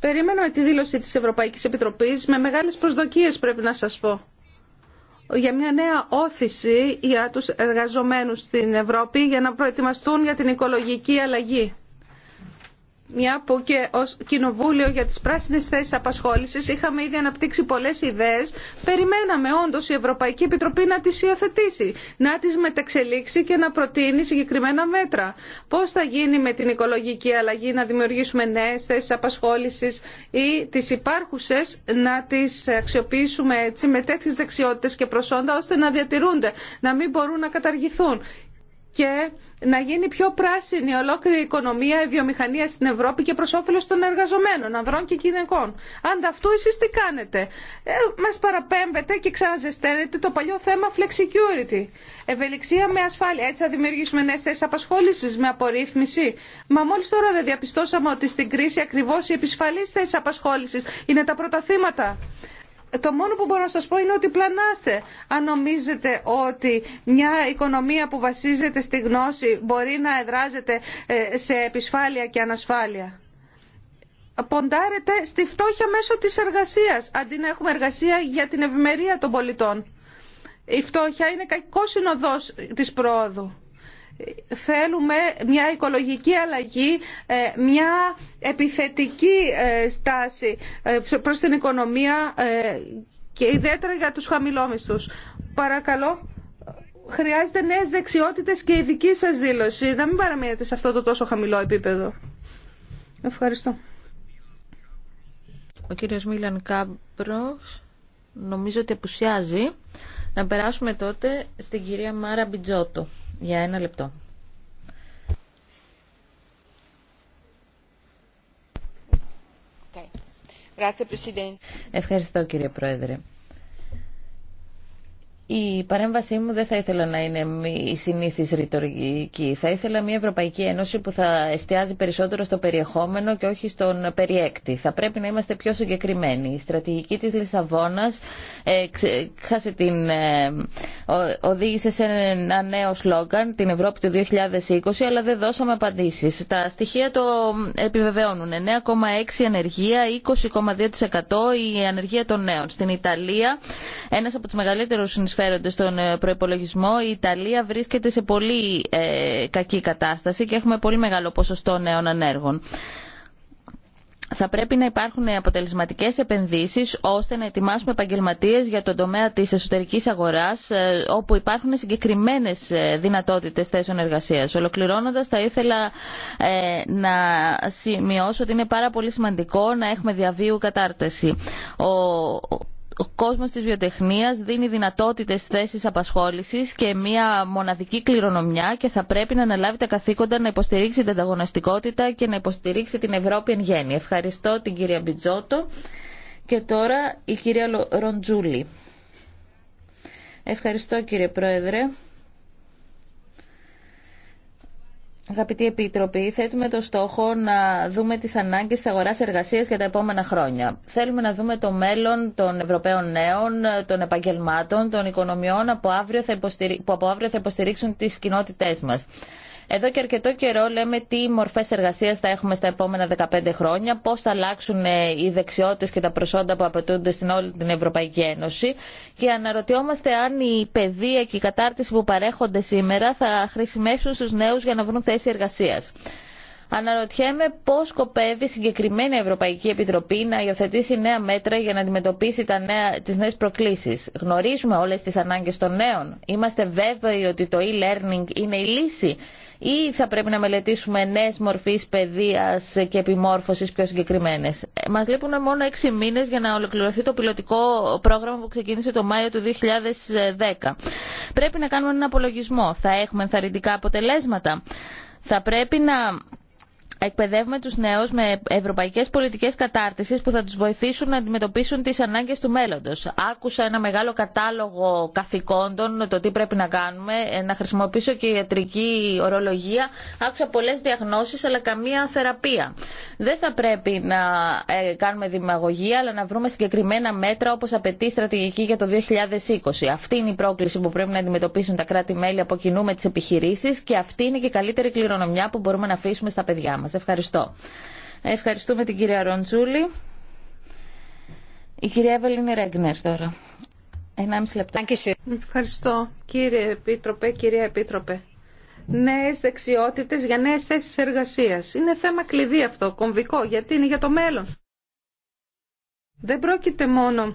περιμένω τη δήλωση της Ευρωπαϊκής Επιτροπής με μεγάλες προσδοκίες πρέπει να σας πω για μια νέα όθηση για τους εργαζομένους στην Ευρώπη για να προετοιμαστούν για την οικολογική αλλαγή μια που και ω Κοινοβούλιο για τις πράσινες θέσεις απασχόλησης είχαμε ήδη αναπτύξει πολλές ιδέες, περιμέναμε όντω η Ευρωπαϊκή Επιτροπή να τις υιοθετήσει, να τις μεταξελίξει και να προτείνει συγκεκριμένα μέτρα. Πώς θα γίνει με την οικολογική αλλαγή να δημιουργήσουμε νέες θέσεις απασχόλησης ή τι υπάρχουσε να τι αξιοποιήσουμε έτσι με τέτοιε δεξιότητε και προσόντα ώστε να διατηρούνται, να μην μπορούν να καταργηθούν. Και να γίνει πιο πράσινη ολόκληρη οικονομία, η βιομηχανία στην Ευρώπη και προ όφελο των εργαζομένων, ανδρών και γυναικών. Ανταυτού εσεί τι κάνετε. Ε, μας παραπέμπετε και ξαναζεσταίνετε το παλιό θέμα flexicurity. Ευελιξία με ασφάλεια. Έτσι θα δημιουργήσουμε νέε θέσει απασχόληση με απορρίθμιση. Μα μόλι τώρα δεν διαπιστώσαμε ότι στην κρίση ακριβώ οι επισφαλεί θέσει απασχόληση είναι τα πρώτα θύματα το μόνο που μπορώ να σας πω είναι ότι πλανάστε. Αν νομίζετε ότι μια οικονομία που βασίζεται στη γνώση μπορεί να εδράζεται ε, σε επισφάλεια και ανασφάλεια. Ποντάρετε στη φτώχεια μέσω της εργασίας, αντί να έχουμε εργασία για την ευημερία των πολιτών. Η φτώχεια είναι κακό συνοδός της πρόοδου θέλουμε μια οικολογική αλλαγή, ε, μια επιθετική ε, στάση ε, προς την οικονομία και ιδιαίτερα για τους χαμηλόμισθους. Παρακαλώ, χρειάζεται νέες δεξιότητες και η δική σας δήλωση. Να μην παραμείνετε σε αυτό το τόσο χαμηλό επίπεδο. Ευχαριστώ. Ο κύριος Μίλαν Κάμπρος νομίζω ότι απουσιάζει. Να περάσουμε τότε στην κυρία Μάρα Μπιτζότο για ένα λεπτό. Ευχαριστώ κύριε Πρόεδρε. Η παρέμβασή μου δεν θα ήθελα να είναι η συνήθι ρητορική. Θα ήθελα μια Ευρωπαϊκή Ένωση που θα εστιάζει περισσότερο στο περιεχόμενο και όχι στον περιέκτη. Θα πρέπει να είμαστε πιο συγκεκριμένοι. Η στρατηγική τη Λισαβόνα ε, ε οδήγησε σε ένα νέο σλόγγαν, την Ευρώπη του 2020, αλλά δεν δώσαμε απαντήσει. Τα στοιχεία το επιβεβαιώνουν. 9,6 ανεργία, 20,2% η ανεργία των νέων. Στην Ιταλία, ένας από τους μεγαλύτερους στον ε, προπολογισμό. Η Ιταλία βρίσκεται σε πολύ ε, κακή κατάσταση και έχουμε πολύ μεγάλο ποσοστό νέων ανέργων. Θα πρέπει να υπάρχουν αποτελεσματικές επενδύσεις ώστε να ετοιμάσουμε επαγγελματίε για τον τομέα της εσωτερικής αγοράς ε, όπου υπάρχουν συγκεκριμένες δυνατότητες θέσεων εργασίας. Ολοκληρώνοντας θα ήθελα να σημειώσω ότι είναι πάρα πολύ σημαντικό να έχουμε διαβίου κατάρτιση. Ο ο κόσμος της βιοτεχνίας δίνει δυνατότητες θέσεις απασχόλησης και μια μοναδική κληρονομιά και θα πρέπει να αναλάβει τα καθήκοντα να υποστηρίξει την ανταγωνιστικότητα και να υποστηρίξει την Ευρώπη εν γέννη. Ευχαριστώ την κυρία Μπιτζότο και τώρα η κυρία Ροντζούλη. Ευχαριστώ κύριε Πρόεδρε. Αγαπητοί Επίτροποι, θέτουμε το στόχο να δούμε τις ανάγκες της αγοράς εργασίας για τα επόμενα χρόνια. Θέλουμε να δούμε το μέλλον των Ευρωπαίων νέων, των επαγγελμάτων, των οικονομιών που από αύριο θα υποστηρίξουν τις κοινότητές μας. Εδώ και αρκετό καιρό λέμε τι μορφέ εργασία θα έχουμε στα επόμενα 15 χρόνια, πώ θα αλλάξουν ε, οι δεξιότητε και τα προσόντα που απαιτούνται στην όλη την Ευρωπαϊκή Ένωση και αναρωτιόμαστε αν η παιδεία και η κατάρτιση που παρέχονται σήμερα θα χρησιμεύσουν στου νέου για να βρουν θέση εργασία. Αναρωτιέμαι πώ σκοπεύει η συγκεκριμένη Ευρωπαϊκή Επιτροπή να υιοθετήσει νέα μέτρα για να αντιμετωπίσει τι νέε προκλήσει. Γνωρίζουμε όλε τι ανάγκε των νέων. Είμαστε βέβαιοι ότι το e-learning είναι η λύση ή θα πρέπει να μελετήσουμε νέε μορφές παιδεία και επιμόρφωση πιο συγκεκριμένε. Ε, Μα λείπουν μόνο έξι μήνε για να ολοκληρωθεί το πιλωτικό πρόγραμμα που ξεκίνησε το Μάιο του 2010. Πρέπει να κάνουμε έναν απολογισμό. Θα έχουμε ενθαρρυντικά αποτελέσματα. Θα πρέπει να εκπαιδεύουμε τους νέους με ευρωπαϊκές πολιτικές κατάρτισης που θα τους βοηθήσουν να αντιμετωπίσουν τις ανάγκες του μέλλοντος. Άκουσα ένα μεγάλο κατάλογο καθηκόντων, το τι πρέπει να κάνουμε, ε, να χρησιμοποιήσω και ιατρική ορολογία. Άκουσα πολλές διαγνώσεις αλλά καμία θεραπεία. Δεν θα πρέπει να ε, κάνουμε δημαγωγία, αλλά να βρούμε συγκεκριμένα μέτρα όπω απαιτεί η στρατηγική για το 2020. Αυτή είναι η πρόκληση που πρέπει να αντιμετωπίσουν τα κράτη-μέλη από κοινού με τι επιχειρήσει και αυτή είναι και η καλύτερη κληρονομιά που μπορούμε να αφήσουμε στα παιδιά μα. Ευχαριστώ. Ευχαριστούμε την κυρία Ροντζούλη. Η κυρία Εύελίνη Ρέγκνερ τώρα. μισή λεπτό. Ευχαριστώ κύριε Επίτροπε, κυρία Επίτροπε. Νέε δεξιότητε, για νέε θέσει εργασίας. Είναι θέμα κλειδί αυτό, κομβικό, γιατί είναι για το μέλλον. Δεν πρόκειται μόνο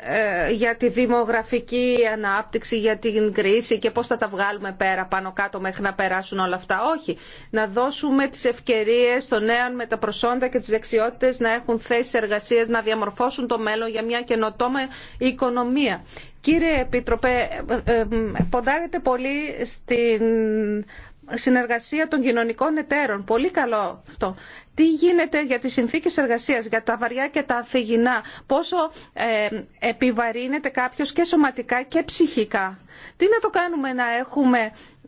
ε, για τη δημογραφική ανάπτυξη, για την κρίση και πώς θα τα βγάλουμε πέρα πάνω κάτω μέχρι να περάσουν όλα αυτά. Όχι. Να δώσουμε τις ευκαιρίες των νέων με τα προσόντα και τις δεξιότητες να έχουν θέσεις εργασίας, να διαμορφώσουν το μέλλον για μια καινοτόμα οικονομία. Κύριε Επίτροπε, ε, ε, ποντάρετε πολύ στην συνεργασία των κοινωνικών εταίρων. Πολύ καλό αυτό. Τι γίνεται για τις συνθήκες εργασίας, για τα βαριά και τα αφηγηνά. Πόσο ε, επιβαρύνεται κάποιος και σωματικά και ψυχικά. Τι να το κάνουμε να έχουμε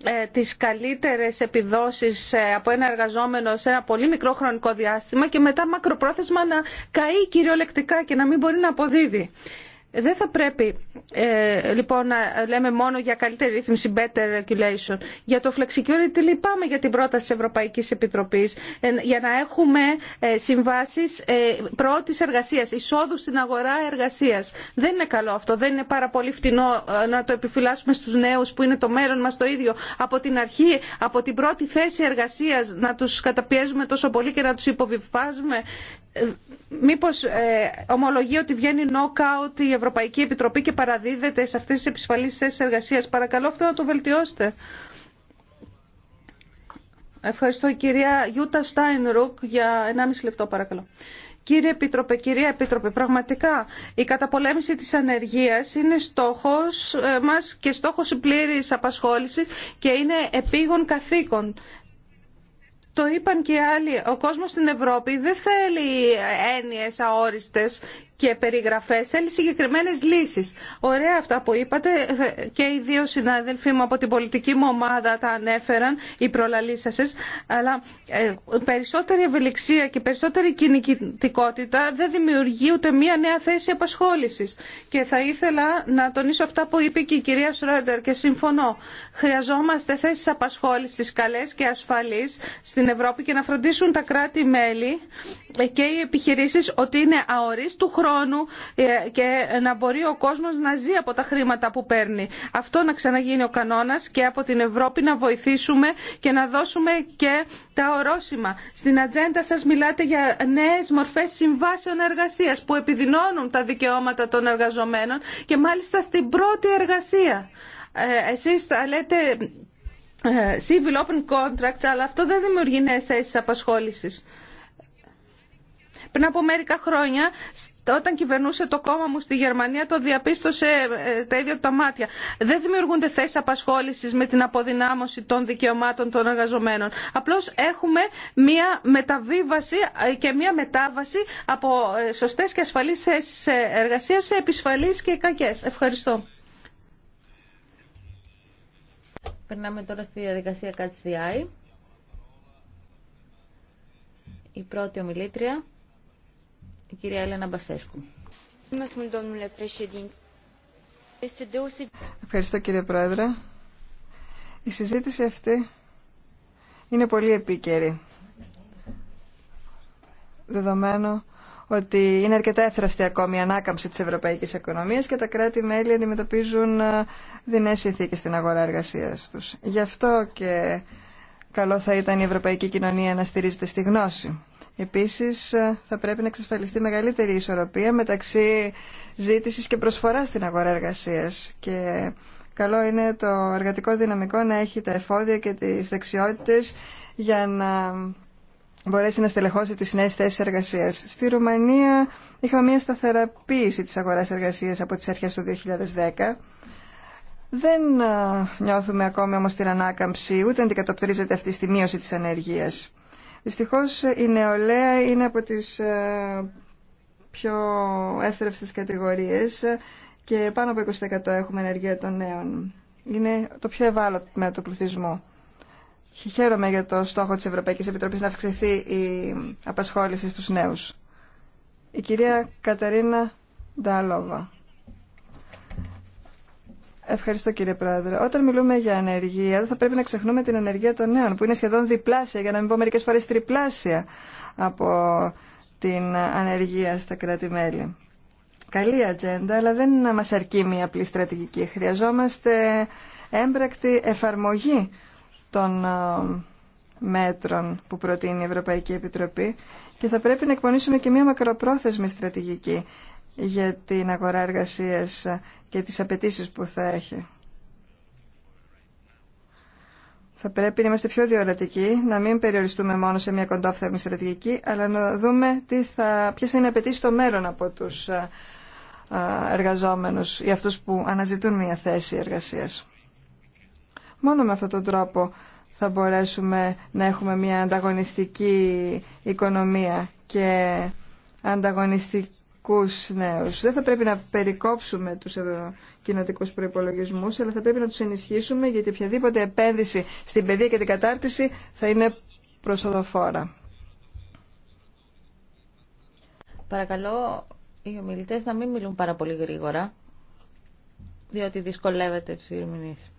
ε, τις καλύτερες επιδόσεις ε, από ένα εργαζόμενο σε ένα πολύ μικρό χρονικό διάστημα και μετά μακροπρόθεσμα να καεί κυριολεκτικά και να μην μπορεί να αποδίδει. Δεν θα πρέπει ε, λοιπόν να λέμε μόνο για καλύτερη ρύθμιση, better regulation. Για το flexicurity λυπάμαι για την πρόταση της Ευρωπαϊκής Επιτροπής ε, για να έχουμε ε, συμβάσεις ε, πρώτης εργασίας, εισόδου στην αγορά εργασίας. Δεν είναι καλό αυτό, δεν είναι πάρα πολύ φτηνό ε, να το επιφυλάσσουμε στους νέους που είναι το μέλλον μας το ίδιο. Από την αρχή, από την πρώτη θέση εργασίας να τους καταπιέζουμε τόσο πολύ και να τους υποβιβάζουμε μήπως ε, ομολογεί ότι βγαίνει νόκαουτ η Ευρωπαϊκή Επιτροπή και παραδίδεται σε αυτές τις επισφαλείς θέσεις Παρακαλώ αυτό να το βελτιώσετε. Ευχαριστώ κυρία Γιούτα Στάινρουκ για 1,5 λεπτό παρακαλώ. Κύριε Επίτροπε, κυρία Επίτροπε, πραγματικά η καταπολέμηση της ανεργίας είναι στόχος ε, μας και στόχος πλήρης απασχόλησης και είναι επίγον καθήκον. Το είπαν και άλλοι. Ο κόσμος στην Ευρώπη δεν θέλει έννοιες αόριστες και περιγραφέ, θέλει συγκεκριμένε λύσει. Ωραία αυτά που είπατε και οι δύο συνάδελφοί μου από την πολιτική μου ομάδα τα ανέφεραν, οι προλαλήσασε, αλλά ε, περισσότερη ευελιξία και περισσότερη κινητικότητα δεν δημιουργεί ούτε μία νέα θέση απασχόληση. Και θα ήθελα να τονίσω αυτά που είπε και η κυρία Σρόντερ και συμφωνώ. Χρειαζόμαστε θέσει απασχόληση, καλέ και ασφαλεί στην Ευρώπη και να φροντίσουν τα κράτη-μέλη και οι επιχειρήσει ότι είναι αορίστου χρόνου ε, και να μπορεί ο κόσμος να ζει από τα χρήματα που παίρνει. Αυτό να ξαναγίνει ο κανόνας και από την Ευρώπη να βοηθήσουμε και να δώσουμε και τα ορόσημα. Στην ατζέντα σας μιλάτε για νέες μορφές συμβάσεων εργασίας που επιδεινώνουν τα δικαιώματα των εργαζομένων και μάλιστα στην πρώτη εργασία. Ε, εσείς τα λέτε ε, civil open contracts, αλλά αυτό δεν δημιουργεί νέες θέσεις απασχόλησης. Πριν από μερικά χρόνια, όταν κυβερνούσε το κόμμα μου στη Γερμανία, το διαπίστωσε ε, τα ίδια τα μάτια. Δεν δημιουργούνται θέσει απασχόληση με την αποδυνάμωση των δικαιωμάτων των εργαζομένων. Απλώ έχουμε μία μεταβίβαση ε, και μία μετάβαση από ε, σωστέ και ασφαλεί θέσει εργασία σε επισφαλεί και κακέ. Ευχαριστώ. Περνάμε τώρα στη διαδικασία ΚΑΤΣΔΙ. Η πρώτη ομιλήτρια η κυρία Έλενα Μπασέσκου. Ευχαριστώ κύριε Πρόεδρε. Η συζήτηση αυτή είναι πολύ επίκαιρη. Δεδομένου ότι είναι αρκετά εθραστή ακόμη η ανάκαμψη της ευρωπαϊκής οικονομίας και τα κράτη-μέλη αντιμετωπίζουν ε, δεινές συνθήκες στην αγορά εργασίας τους. Γι' αυτό και καλό θα ήταν η ευρωπαϊκή κοινωνία να στηρίζεται στη γνώση. Επίσης, ε, θα πρέπει να εξασφαλιστεί μεγαλύτερη ισορροπία μεταξύ ζήτησης και προσφοράς στην αγορά εργασίας. Και καλό είναι το εργατικό δυναμικό να έχει τα εφόδια και τις δεξιότητες για να μπορέσει να στελεχώσει τις νέες θέσεις εργασίας. Στη Ρουμανία είχαμε μια σταθεραποίηση της αγοράς εργασίας από τις αρχές του 2010. Δεν ε, νιώθουμε ακόμη όμως την ανάκαμψη, ούτε αντικατοπτρίζεται αυτή στη μείωση της ανεργίας. Δυστυχώς η νεολαία είναι από τις ε, πιο έθρευστες κατηγορίες και πάνω από 20% έχουμε ενεργεία των νέων. Είναι το πιο ευάλωτο με το πληθυσμό. Χαίρομαι για το στόχο της Ευρωπαϊκής Επιτροπής να αυξηθεί η απασχόληση στους νέους. Η κυρία Καταρίνα Ντάλοβα. Ευχαριστώ κύριε Πρόεδρε. Όταν μιλούμε για ανεργία, δεν θα πρέπει να ξεχνούμε την ανεργία των νέων, που είναι σχεδόν διπλάσια, για να μην πω μερικές φορές τριπλάσια από την ανεργία στα κράτη-μέλη. Καλή ατζέντα, αλλά δεν μας αρκεί μια απλή στρατηγική. Χρειαζόμαστε έμπρακτη εφαρμογή των μέτρων που προτείνει η Ευρωπαϊκή Επιτροπή και θα πρέπει να εκπονήσουμε και μια μακροπρόθεσμη στρατηγική για την αγορά εργασίας και τις απαιτήσει που θα έχει. Θα πρέπει να είμαστε πιο διορατικοί, να μην περιοριστούμε μόνο σε μια κοντόφθεμη στρατηγική, αλλά να δούμε τι θα, ποιες θα είναι απαιτήσει στο μέλλον από τους εργαζόμενους ή αυτούς που αναζητούν μια θέση εργασίας. Μόνο με αυτόν τον τρόπο θα μπορέσουμε να έχουμε μια ανταγωνιστική οικονομία και ανταγωνιστική κοινοτικού Δεν θα πρέπει να περικόψουμε τους κοινοτικού προϋπολογισμούς, αλλά θα πρέπει να τους ενισχύσουμε γιατί οποιαδήποτε επένδυση στην παιδεία και την κατάρτιση θα είναι προσοδοφόρα. Παρακαλώ οι ομιλητές να μην μιλούν πάρα πολύ γρήγορα, διότι δυσκολεύεται τους ηρεμηνείς.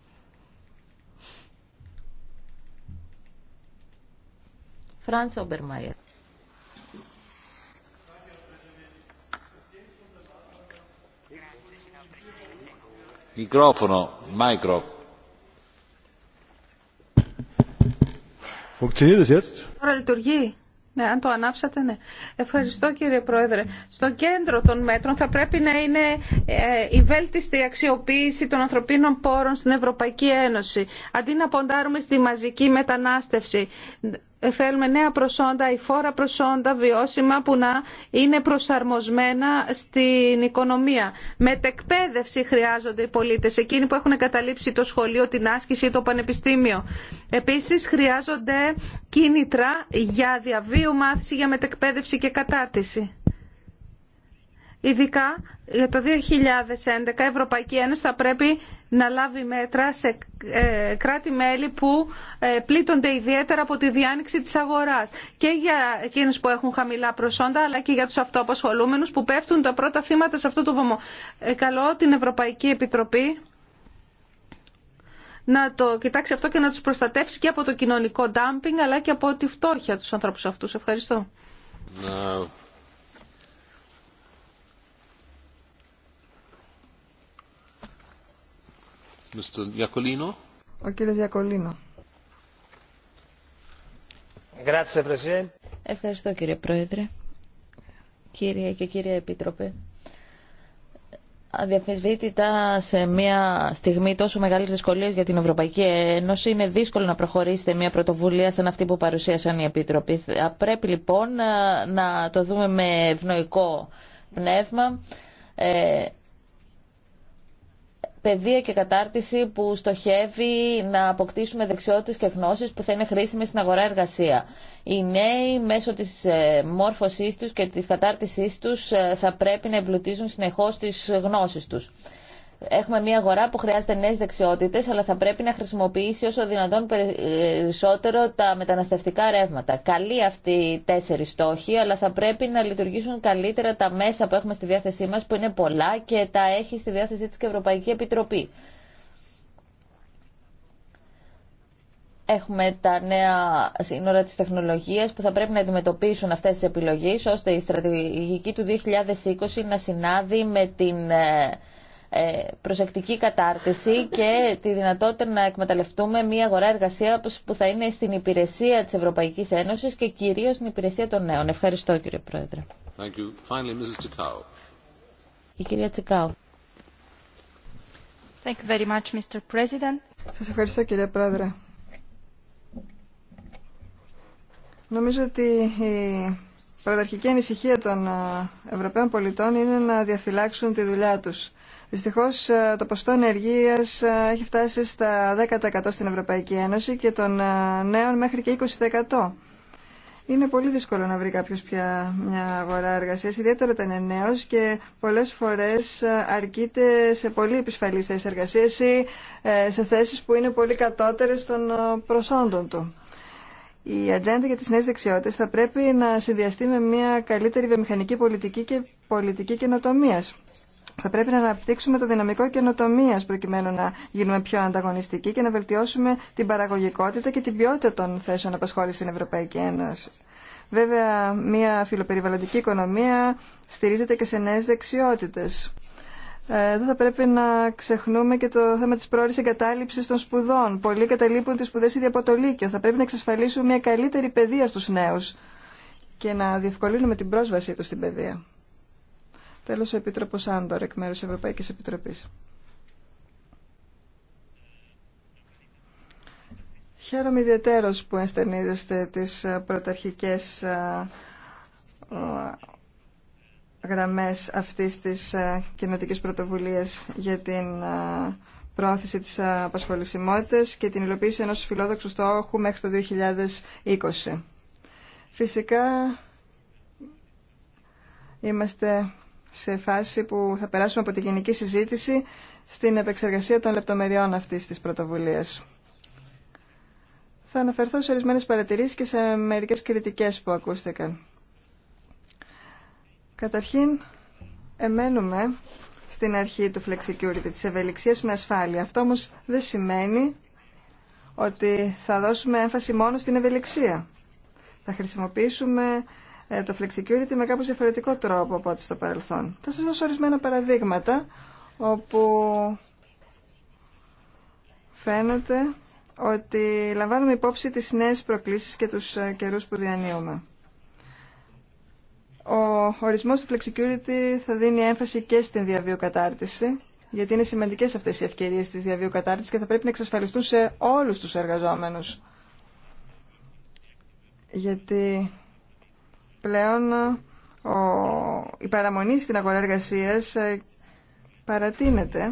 Φραντς Obermeier. Ναι, ναι. Ευχαριστώ κύριε Πρόεδρε. Στο κέντρο των μέτρων θα πρέπει να είναι ε, η βέλτιστη αξιοποίηση των ανθρωπίνων πόρων στην Ευρωπαϊκή Ένωση. Αντί να ποντάρουμε στη μαζική μετανάστευση, θέλουμε νέα προσόντα, η φόρα προσόντα βιώσιμα που να είναι προσαρμοσμένα στην οικονομία. Μετεκπαίδευση χρειάζονται οι πολίτες, εκείνοι που έχουν καταλήψει το σχολείο, την άσκηση ή το πανεπιστήμιο. Επίσης χρειάζονται κίνητρα για διαβίου μάθηση, για μετεκπαίδευση και κατάρτιση. Ειδικά για το 2011 η Ευρωπαϊκή Ένωση θα πρέπει να λάβει μέτρα σε ε, κράτη-μέλη που ε, πλήττονται ιδιαίτερα από τη διάνοιξη της αγοράς και για εκείνους που έχουν χαμηλά προσόντα αλλά και για τους αυτοαπασχολούμενους που πέφτουν τα πρώτα θύματα σε αυτό το βωμό. Ε, καλώ την Ευρωπαϊκή Επιτροπή να το κοιτάξει αυτό και να τους προστατεύσει και από το κοινωνικό ντάμπινγκ αλλά και από τη φτώχεια τους ανθρώπους αυτούς. Ευχαριστώ. No. Ο κύριος Γιακολίνο. Ευχαριστώ κύριε Πρόεδρε. Κύριε και κύριε Επίτροπε. Αδιαφεσβήτητα σε μια στιγμή τόσο μεγάλη δυσκολία για την Ευρωπαϊκή Ένωση είναι δύσκολο να προχωρήσετε μια πρωτοβουλία σαν αυτή που παρουσίασαν οι Επίτροποι. Πρέπει λοιπόν να το δούμε με ευνοϊκό πνεύμα. Ε, παιδεία και κατάρτιση που στοχεύει να αποκτήσουμε δεξιότητες και γνώσεις που θα είναι χρήσιμες στην αγορά εργασία. Οι νέοι μέσω της ε, μόρφωσής τους και της κατάρτισής τους ε, θα πρέπει να εμπλουτίζουν συνεχώς τις γνώσεις τους. Έχουμε μια αγορά που χρειάζεται νέε δεξιότητε, αλλά θα πρέπει να χρησιμοποιήσει όσο δυνατόν περισσότερο τα μεταναστευτικά ρεύματα. Καλή αυτή οι τέσσερις στόχοι, αλλά θα πρέπει να λειτουργήσουν καλύτερα τα μέσα που έχουμε στη διάθεσή μα που είναι πολλά και τα έχει στη διάθεσή τη και η Ευρωπαϊκή Επιτροπή. Έχουμε τα νέα σύνορα της τεχνολογίας που θα πρέπει να αντιμετωπίσουν αυτές τις επιλογές, ώστε η στρατηγική του 2020 να συνάδει με την ε, ε, προσεκτική κατάρτιση και τη δυνατότητα να εκμεταλλευτούμε μια αγορά εργασία που θα είναι στην υπηρεσία της Ευρωπαϊκής Ένωσης και κυρίως στην υπηρεσία των νέων. Ευχαριστώ κύριε Πρόεδρε. Finally, Η κυρία Τσικάου. Thank you very much, Mr. President. Σας ευχαριστώ κύριε Πρόεδρε. Νομίζω ότι η πρωταρχική ανησυχία των ε, Ευρωπαίων πολιτών είναι να διαφυλάξουν τη δουλειά τους Δυστυχώς ε, το ποστό ενεργείας ε, έχει φτάσει στα 10% στην Ευρωπαϊκή Ένωση και των ε, νέων μέχρι και 20%. Είναι πολύ δύσκολο να βρει κάποιο πια μια αγορά εργασία, ιδιαίτερα όταν είναι νέο και πολλέ φορές αρκείται σε πολύ επισφαλεί θέσει εργασία ή σε θέσει που είναι πολύ κατώτερες των προσόντων του. Η ατζέντα για τι νέε δεξιότητε θα πρέπει να συνδυαστεί με μια καλύτερη βιομηχανική πολιτική και πολιτική καινοτομία. Θα πρέπει να αναπτύξουμε το δυναμικό καινοτομία προκειμένου να γίνουμε πιο ανταγωνιστικοί και να βελτιώσουμε την παραγωγικότητα και την ποιότητα των θέσεων απασχόληση στην Ευρωπαϊκή Ένωση. Βέβαια, μια φιλοπεριβαλλοντική οικονομία στηρίζεται και σε νέε δεξιότητε. Εδώ θα πρέπει να ξεχνούμε και το θέμα τη πρόορη εγκατάλειψη των σπουδών. Πολλοί καταλείπουν τι σπουδέ ήδη από το Λύκειο. Θα πρέπει να εξασφαλίσουμε μια καλύτερη παιδεία στου νέου και να διευκολύνουμε την πρόσβασή του στην παιδεία. Τέλος, ο Επίτροπο Άντορ, εκ μέρου Ευρωπαϊκής Επιτροπής. Χαίρομαι ιδιαίτερος που ενστερνίζεστε τις ε, πρωταρχικές ε, ε, γραμμές αυτής της κοινωτικής πρωτοβουλίας για την πρόθεση της απασχολησιμότητας και την υλοποίηση ενός φιλόδοξου στόχου μέχρι το 2020. Φυσικά είμαστε σε φάση που θα περάσουμε από τη γενική συζήτηση στην επεξεργασία των λεπτομεριών αυτής της πρωτοβουλίας. Θα αναφερθώ σε ορισμένες παρατηρήσεις και σε μερικές κριτικές που ακούστηκαν. Καταρχήν, εμένουμε στην αρχή του flexicurity, της ευελιξίας με ασφάλεια. Αυτό όμως δεν σημαίνει ότι θα δώσουμε έμφαση μόνο στην ευελιξία. Θα χρησιμοποιήσουμε ε, το flexicurity με κάπως διαφορετικό τρόπο από ό,τι στο παρελθόν. Θα σας δώσω ορισμένα παραδείγματα όπου φαίνεται ότι λαμβάνουμε υπόψη τις νέες προκλήσεις και τους ε, καιρούς που διανύουμε. Ο ορισμός του flexicurity θα δίνει έμφαση και στην διαβιοκατάρτιση, γιατί είναι σημαντικές αυτές οι ευκαιρίες της διαβιοκατάρτισης και θα πρέπει να εξασφαλιστούν σε όλους τους εργαζόμενους. Γιατί πλέον ε, ο, η παραμονή στην αγορά εργασία ε, παρατείνεται.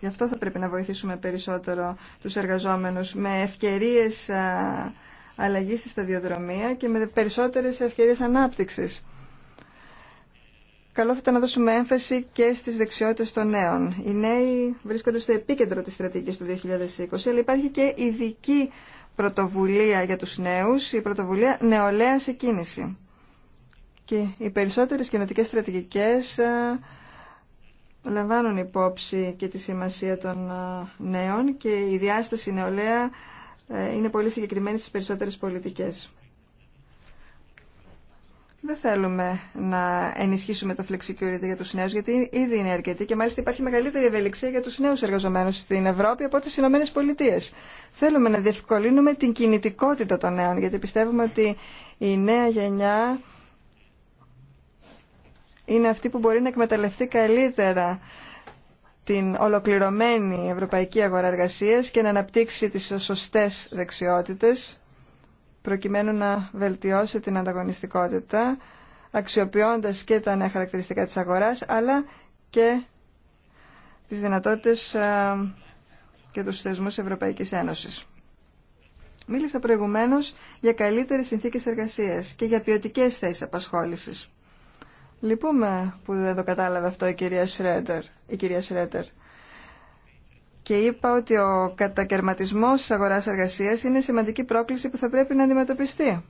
Γι' αυτό θα πρέπει να βοηθήσουμε περισσότερο τους εργαζόμενους με ευκαιρίες ε, αλλαγή στη σταδιοδρομία και με περισσότερες ευκαιρίες ανάπτυξης. Καλό θα ήταν να δώσουμε έμφαση και στις δεξιότητες των νέων. Οι νέοι βρίσκονται στο επίκεντρο της στρατηγικής του 2020, αλλά υπάρχει και ειδική πρωτοβουλία για τους νέους, η πρωτοβουλία νεολαία σε κίνηση. Και οι περισσότερες κοινοτικές στρατηγικές ε, λαμβάνουν υπόψη και τη σημασία των ε, νέων και η διάσταση νεολαία ε, είναι πολύ συγκεκριμένη στις περισσότερες πολιτικές δεν θέλουμε να ενισχύσουμε το flexicurity για τους νέους, γιατί ήδη είναι αρκετή και μάλιστα υπάρχει μεγαλύτερη ευελιξία για τους νέους εργαζομένους στην Ευρώπη από τις Ηνωμένε Πολιτείε. Θέλουμε να διευκολύνουμε την κινητικότητα των νέων, γιατί πιστεύουμε ότι η νέα γενιά είναι αυτή που μπορεί να εκμεταλλευτεί καλύτερα την ολοκληρωμένη ευρωπαϊκή αγορά εργασίας και να αναπτύξει τις σωστές δεξιότητες προκειμένου να βελτιώσει την ανταγωνιστικότητα αξιοποιώντας και τα νέα χαρακτηριστικά της αγοράς αλλά και τις δυνατότητες ε, και τους θεσμούς Ευρωπαϊκής Ένωσης. Μίλησα προηγουμένως για καλύτερες συνθήκες εργασίας και για ποιοτικές θέσεις απασχόλησης. Λυπούμε που δεν το κατάλαβε αυτό η κυρία Σρέτερ. Η κυρία Σρέτερ και είπα ότι ο κατακαιρματισμός της αγοράς εργασίας είναι σημαντική πρόκληση που θα πρέπει να αντιμετωπιστεί.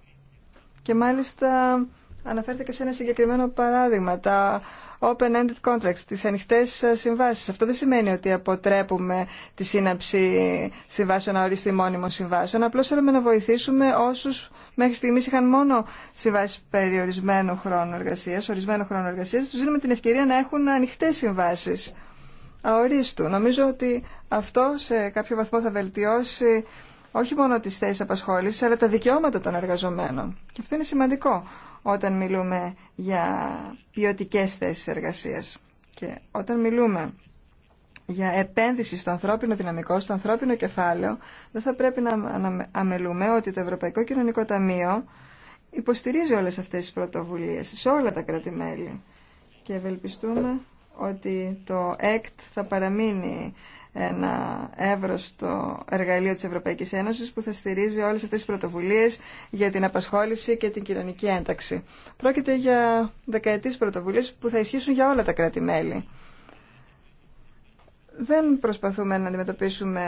Και μάλιστα αναφέρθηκα σε ένα συγκεκριμένο παράδειγμα, τα open-ended contracts, τις ανοιχτές συμβάσεις. Αυτό δεν σημαίνει ότι αποτρέπουμε τη σύναψη συμβάσεων αορίστη μόνιμων συμβάσεων, απλώς θέλουμε να βοηθήσουμε όσους μέχρι στιγμής είχαν μόνο συμβάσεις περιορισμένου χρόνου εργασίας, ορισμένου χρόνου εργασίας, τους δίνουμε την ευκαιρία να έχουν ανοιχτέ συμβάσεις αορίστου. Νομίζω ότι αυτό σε κάποιο βαθμό θα βελτιώσει όχι μόνο τις θέσεις απασχόλησης, αλλά τα δικαιώματα των εργαζομένων. Και αυτό είναι σημαντικό όταν μιλούμε για ποιοτικέ θέσεις εργασίας. Και όταν μιλούμε για επένδυση στο ανθρώπινο δυναμικό, στο ανθρώπινο κεφάλαιο, δεν θα πρέπει να αμελούμε ότι το Ευρωπαϊκό Κοινωνικό Ταμείο υποστηρίζει όλες αυτές τις πρωτοβουλίες σε όλα τα κράτη-μέλη. Και ευελπιστούμε ότι το ΕΚΤ θα παραμείνει ένα εύρωστο εργαλείο της Ευρωπαϊκής Ένωσης που θα στηρίζει όλες αυτές τις πρωτοβουλίες για την απασχόληση και την κοινωνική ένταξη. Πρόκειται για δεκαετίες πρωτοβουλίες που θα ισχύσουν για όλα τα κράτη-μέλη. Δεν προσπαθούμε να αντιμετωπίσουμε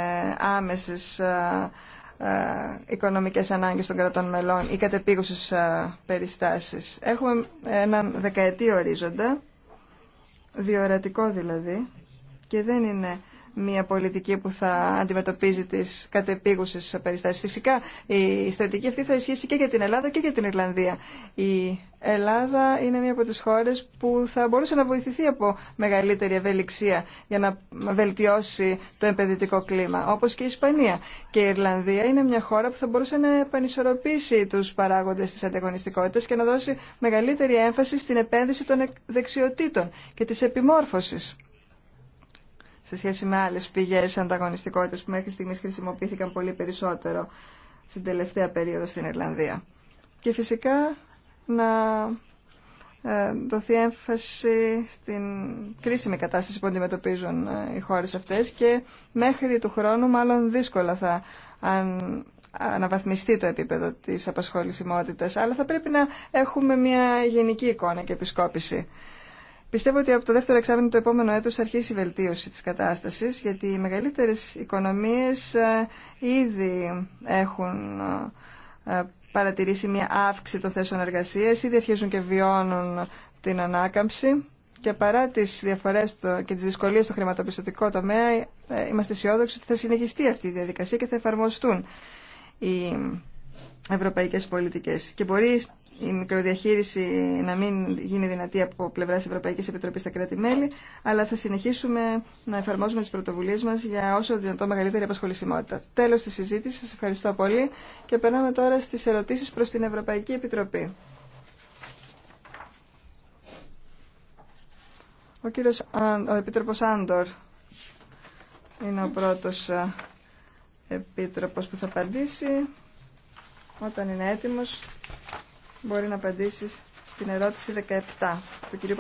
άμεσες ε, ε, οικονομικές ανάγκες των κρατών μελών ή κατεπίγουσες ε, περιστάσεις. Έχουμε έναν δεκαετή ορίζοντα διορατικό δηλαδή και δεν είναι μια πολιτική που θα αντιμετωπίζει τις κατεπίγουσες περιστάσει. Φυσικά η στρατηγική αυτή θα ισχύσει και για την Ελλάδα και για την Ιρλανδία. Η Ελλάδα είναι μία από τις χώρες που θα μπορούσε να βοηθηθεί από μεγαλύτερη ευελιξία για να βελτιώσει το επενδυτικό κλίμα, όπως και η Ισπανία. Και η Ιρλανδία είναι μια χώρα που θα μπορούσε να επανισορροπήσει τους παράγοντες της ανταγωνιστικότητας και να δώσει μεγαλύτερη έμφαση στην επένδυση των δεξιοτήτων και της επιμόρφωσης σε σχέση με άλλες πηγές ανταγωνιστικότητας που μέχρι στιγμής χρησιμοποιήθηκαν πολύ περισσότερο στην τελευταία περίοδο στην Ιρλανδία. Και φυσικά να ε, δοθεί έμφαση στην κρίσιμη κατάσταση που αντιμετωπίζουν ε, οι χώρες αυτές και μέχρι του χρόνου μάλλον δύσκολα θα αν, αναβαθμιστεί το επίπεδο της απασχολησιμότητας αλλά θα πρέπει να έχουμε μια γενική εικόνα και επισκόπηση. Πιστεύω ότι από το δεύτερο εξάμεινο του επόμενου έτους αρχίσει η βελτίωση της κατάστασης γιατί οι μεγαλύτερες οικονομίες ε, ήδη έχουν παρατηρήσει μια αύξηση των θέσεων εργασία, ήδη αρχίζουν και βιώνουν την ανάκαμψη και παρά τι διαφορέ και τι δυσκολίε στο χρηματοπιστωτικό τομέα ε, είμαστε αισιόδοξοι ότι θα συνεχιστεί αυτή η διαδικασία και θα εφαρμοστούν οι ευρωπαϊκέ πολιτικέ. Και μπορεί η μικροδιαχείριση να μην γίνει δυνατή από πλευρά τη Ευρωπαϊκή Επιτροπή στα κράτη-μέλη, αλλά θα συνεχίσουμε να εφαρμόζουμε τι πρωτοβουλίε μα για όσο δυνατό μεγαλύτερη απασχολησιμότητα. Τέλο τη συζήτηση, σα ευχαριστώ πολύ και περνάμε τώρα στι ερωτήσει προ την Ευρωπαϊκή Επιτροπή. Ο, κύριος, Επίτροπος Άντορ είναι ο πρώτος ε, επίτροπος που θα απαντήσει όταν είναι έτοιμος μπορεί να απαντήσεις στην ερώτηση 17 του κυρίου